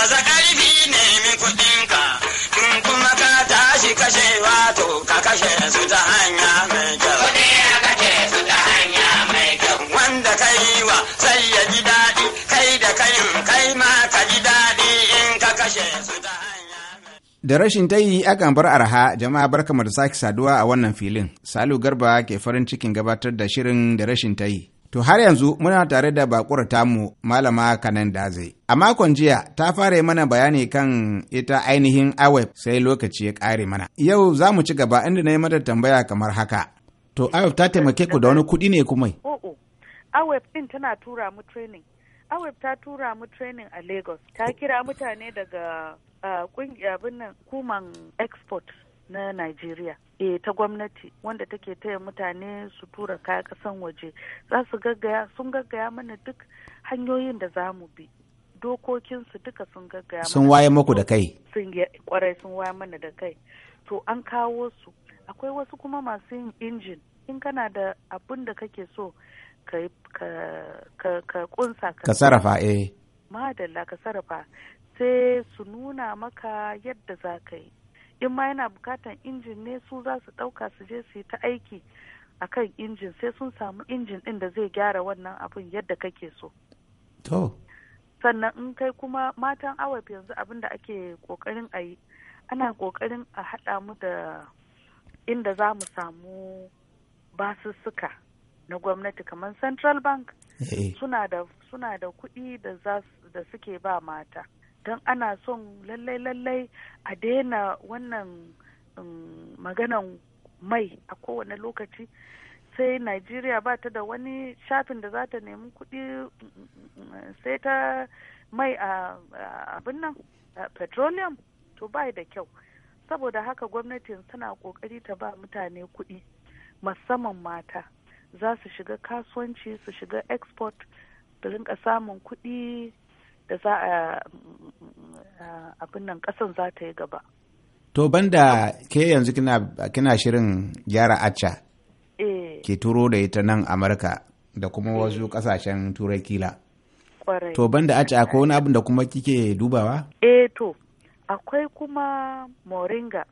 baza ƙarfi ne min kuɗinka, in kuma ka tashi kashe wato ka kashe su ta hanya mai kyau. su ta hanya mai kyau. Wanda ka yi wa sai ya ji daɗi, kai da kayin kai ma ka ji daɗi in ka kashe su ta Da rashin ta yi akan bar arha jama'a barkamu da sake saduwa a wannan filin. Salu Garba ke farin cikin gabatar da shirin da rashin ta yi. To har yanzu muna tare da bakur tamu malama kanan daze. A makon jiya ta fara mana bayani kan ita ainihin aweb sai lokaci ya ƙare mana. Yau za mu ci gaba inda na yi mata tambaya kamar haka. To aweb ta taimake ku da wani kuɗi ne kuma? aweb ɗin tana tura mu training. aweb ta tura mu training a Lagos. Ta kira mutane daga uh, abin kuman export. na Najeriya. E, eh, ta gwamnati wanda take taya mutane su tura kaya kasan waje za su gaggaya sun gaggaya mana duk hanyoyin da za mu bi dokokinsu duka sun gaggaya sun waye muku da kai sun kwarai sun waye mana da kai to an kawo su akwai wasu kuma masu yin injin in kana da abin da kake so ka ka ka kunsa ka sarrafa eh madalla ka sarrafa sai su nuna maka yadda za ka yi in ma yana bukatan injin ne su za su ɗauka su je su yi ta aiki a kan injin sai sun samu injin ɗin da zai gyara wannan abin yadda kake so. To. Sannan in kai kuma matan awaf yanzu abin da ake kokarin a yi ana kokarin a haɗa mu da inda za mu samu basussuka na gwamnati kamar central bank eh. suna da kuɗi da suke ba mata. don ana son lallai lallai a daina wannan um, maganan mai a kowane lokaci sai Najeriya ba ta da wani shafin da za ta nemi kuɗi sai ta mai a abin nan petroleum to ba da kyau saboda haka gwamnatin tana ƙoƙari ta ba mutane kuɗi musamman mata za su shiga kasuwanci su shiga export da rinka samun kuɗi da za a abin nan ƙasan za ta yi gaba. To banda ke yanzu kina shirin gyara acca eh. ke turo da ita nan Amurka da kuma eh. wasu ƙasashen turai kila. To banda acca akwai wani abin da kuma kike dubawa? Eh to akwai kuma moringa.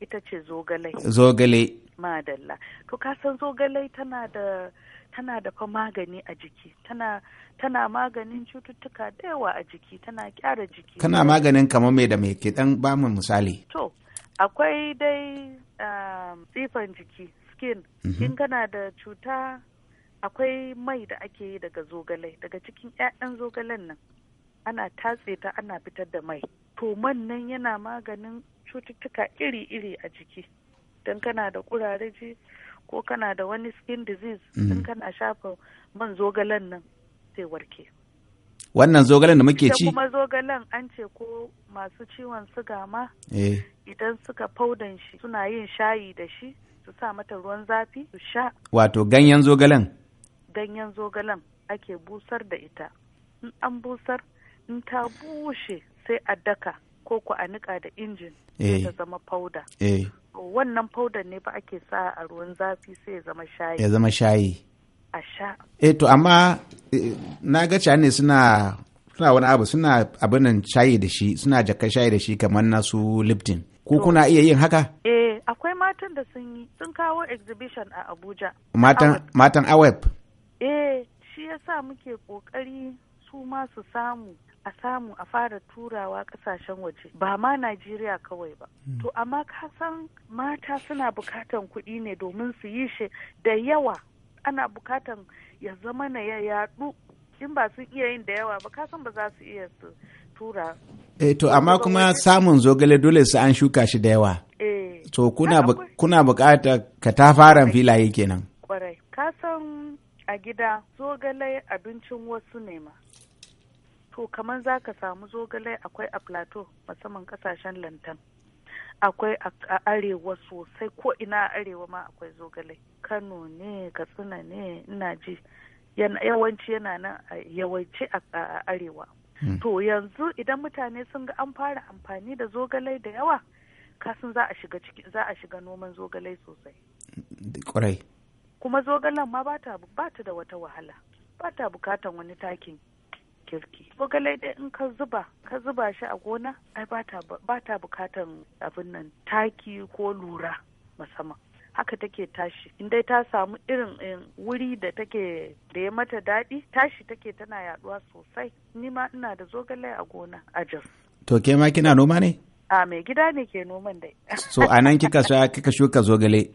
ita ce zogale zogale madalla to ka san zogale tana da tana da fa magani a jiki tana tana maganin cututtuka da yawa a jiki tana kyara jiki tana maganin kamar mai da mai ke dan ba mu misali to akwai dai um, tsifan jiki skin mhm. in kana da cuta akwai mai da ake yi daga zogale daga cikin 'ya'yan zogalen nan ana tatse ta ana fitar da mai to man nan yana maganin cututtuka iri-iri a jiki don kana da kurareji ko kana da wani skin disease mhm. don kana shafa man zogalen nan sai warke wannan zogalen da muke ci kuma zogalen an ce ko masu ciwon suga ma eh. idan suka faudan shi suna yin shayi da shi su sa mata ruwan zafi su sha wato ganyen zogalen ganyen zogalen ake busar da ita in an busar in ta bushe sai a daka ko ku a nika da injin eh. ta zama fauda eh. wannan fauda ne ba ake sa a ruwan zafi sai ya zama shayi ya zama shayi a sha eh to amma eh, na ga ne suna suna wani abu suna abinan shayi da shi suna jakar shayi da shi kamar na su lipton ko kuna iya yin haka eh akwai matan da sun yi sun kawo exhibition a abuja matan matan awep eh shi yasa muke kokari su ma su samu a samu a fara turawa kasashen waje ba ma najeriya kawai ba hmm. to amma ka mata suna bukatan kuɗi ne domin su yi shi da yawa ana bukatan ya zama na ya yaɗu in ba sun iya yin da yawa ba ka ba za su iya su tura eh to amma kuma samun zogale dole su an shuka shi da yawa eh. to kuna kuna bukata ka ta fara filaye kenan kwarai ka a gida zogale abincin wasu ne ma to kamar za ka samu zogale akwai a plateau musamman kasashen lantan akwai a arewa sosai ko ina arewa ma akwai zogale kano ne katsina ne ina ji yawanci yana nan a yawanci a arewa hmm. to yanzu idan mutane sun ga an fara amfani da zogale da yawa kasan za a shiga za a shiga noman zogale sosai kuma zogalen ma ba ta da wata wahala ba ta bukatan wani takin kirki zogale dai in ka zuba ka zuba shi a gona ai ba ta bukatan abin nan taki ko lura musamman haka take tashi in dai ta samu irin eh, wuri da take da ya mata daɗi tashi take tana yaɗuwa sosai ni ma ina da zogale a gona a jos to ke ma kina noma ne a mai gida ne ke noman dai so a nan kika kika shuka zogale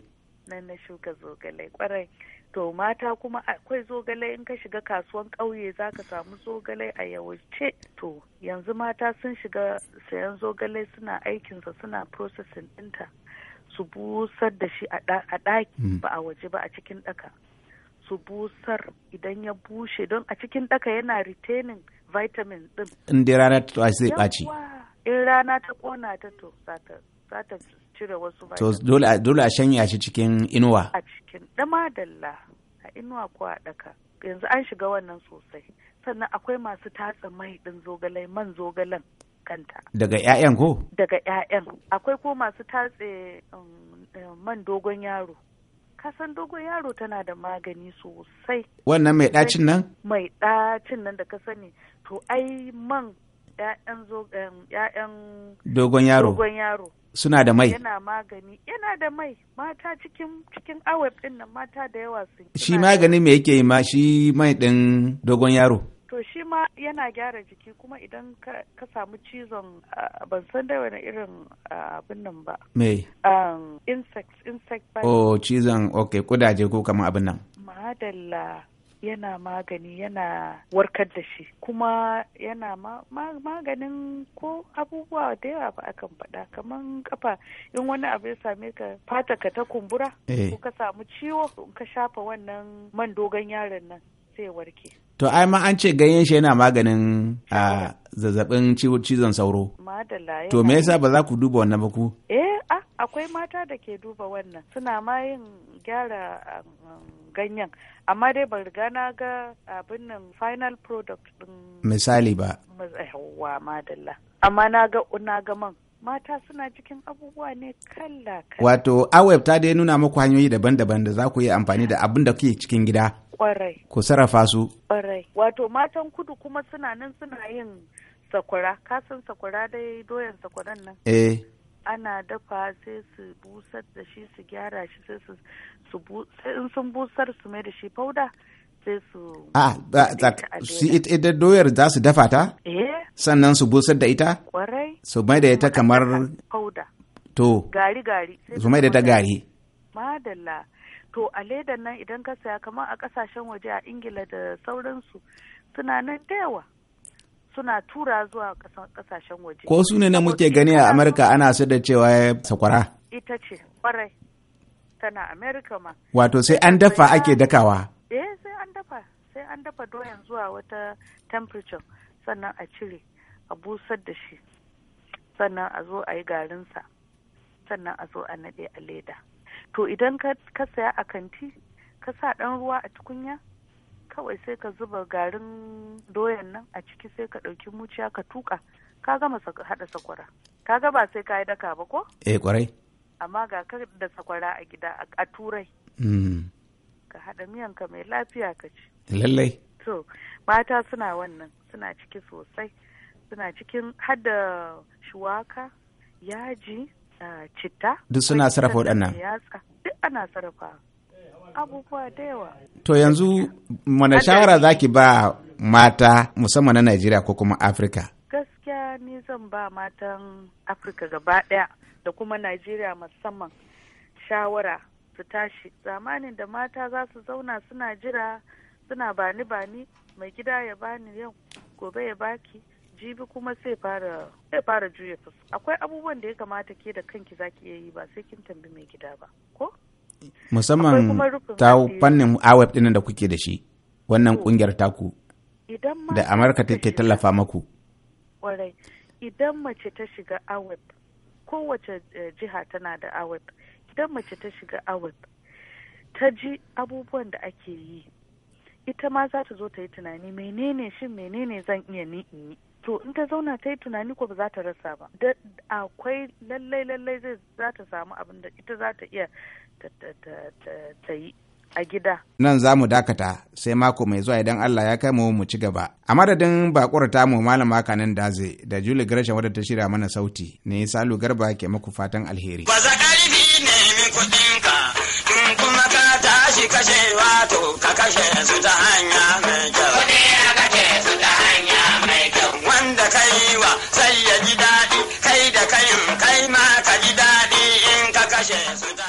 nan na shuka zogale kwarai to mata kuma akwai zogale in ka shiga kasuwan ƙauye za ka samu zogale a yawace to yanzu mata sun shiga sayan zogale suna aikinsa suna processing ɗinta su busar da shi a ɗaki hmm. ba a waje ba a cikin ɗaka su busar idan ya bushe don a cikin ɗaka yana retaining vitamin ɗin in rana ta kona ɓaci in rana ta ƙona ta to za ta cire wasu ba to dole a shanya shi cikin inuwa a cikin dama dalla a inuwa ko a daka yanzu an shiga wannan sosai sannan akwai masu tatsa mai ɗin zogalai man zogalen kanta daga 'ya'yan ko daga 'ya'yan. akwai ko masu tatse um, um, man dogon yaro kasan dogon yaro tana da magani sosai wannan mai ɗacin nan mai ɗacin nan da ka sani to ai man 'ya'yan dogon yaro dogon yaro suna da mai yana magani yana da mai mata cikin cikin awep din nan mata da yawa sun shi magani me yake yi ma shi mai din dogon yaro to shi ma yana gyara jiki kuma idan ka samu cizon ban san da wani irin abin nan ba me insects insect oh cizon okay kudaje ko kamar abin nan madalla yana magani yana warkar da shi kuma yana maganin ko abubuwa da yawa ba akan faɗa kamar kafa in wani abu ya same ka fata ka ta kumbura eh. ko ka samu ciwo ka shafa wannan man dogon yaron nan sai ya warke To ai ma an ce ganyen shi yana maganin a ah, zazzabin cizon sauro. Madalla. To me yasa ba za ku duba wannan ba ku? Eh akwai mata da ke duba wannan suna ma yin gyara um, um, ganyen amma dai ban riga na ga abin nan final product din misali ba wa madalla amma na ga na ga man mata suna cikin abubuwa ne kalla wato awep ta dai nuna muku hanyoyi daban-daban da za ku yi amfani da abin da kuke cikin gida kwarai ku sarrafa su kwarai wato matan kudu kuma suna nan suna yin sakura kasan sakura dai doyan sakuran nan eh ana dafa sai su busar da shi su gyara shi sai su in sun busar su mai da shi fauda sai su ah, a su ita doyar za su dafa ta eh. sannan su busar da ita kwarai su mai da ita kamar fauda to gari gari su mai da ta gari madalla to a ledan nan idan ka saya kamar a kasashen waje a ingila da sauransu suna nan da yawa suna tura zuwa kasashen waje ko su ne na muke gani a Amerika ana su da cewa ya sakwara ita ce kwarai tana amerika ma wato sai an dafa ake dakawa eh sai an dafa sai an dafa doyan zuwa wata temperature sannan a cire a busar da shi sannan a zo a yi garinsa sannan a zo a naɗe a leda to idan ka saya a kanti ka sa ɗan ruwa a tukunya kawai sai ka zuba garin doyan nan a ciki sai ka ɗauki muciya ka tuka ka gama haɗa sakwara ka ga ba sai ka yi daka ba ko eh kwarai amma ga ka da sakwara a gida a turai hmm. ka haɗa miyan ka mai lafiya ka ci lallai to mata suna wannan suna ciki sosai suna cikin hada shuwaka yaji ah, citta duk suna sarrafa waɗannan duk ana sarrafa abubuwa da yawa to yanzu mana shawara zaki ba mata musamman na Najeriya ko kuma Afirka gaskiya ni zan ba matan Afirka gaba ɗaya da kuma Najeriya musamman shawara su tashi zamanin da mata za su zauna suna jira suna bani bani mai gida ya bani yau gobe ya baki jibi kuma sai fara sai fara juya fuska akwai abubuwan da ya kamata ke da kanki zaki iya yi ba sai kin tambi mai gida ba ko musamman ta fannin aweb ɗin da kuke da shi wannan kungiyar taku da amurka take tallafa maku idan mace ta shiga aweb kowace eh, jiha tana da aweb idan mace ta shiga ta ji abubuwan da ake yi ita ma za ta zo ta yi tunani menene shin menene zan iya ni in yi to in ta zauna ta yi tunani ko ba za ta rasa ba akwai lallai lallai zai za ta samu abin da ita za ta iya ta yi a gida. Nan za mu dakata sai mako mai zuwa idan Allah ya kai mu ci gaba. A madadin bakwar mu malama kanin daze da juli Gresham wadda ta shirya mana sauti ne Salu Garba ke maku fatan alheri. ƙarfi ne min kuma ka kashe wato ka kashe su ta hanya mai kyau. Yes,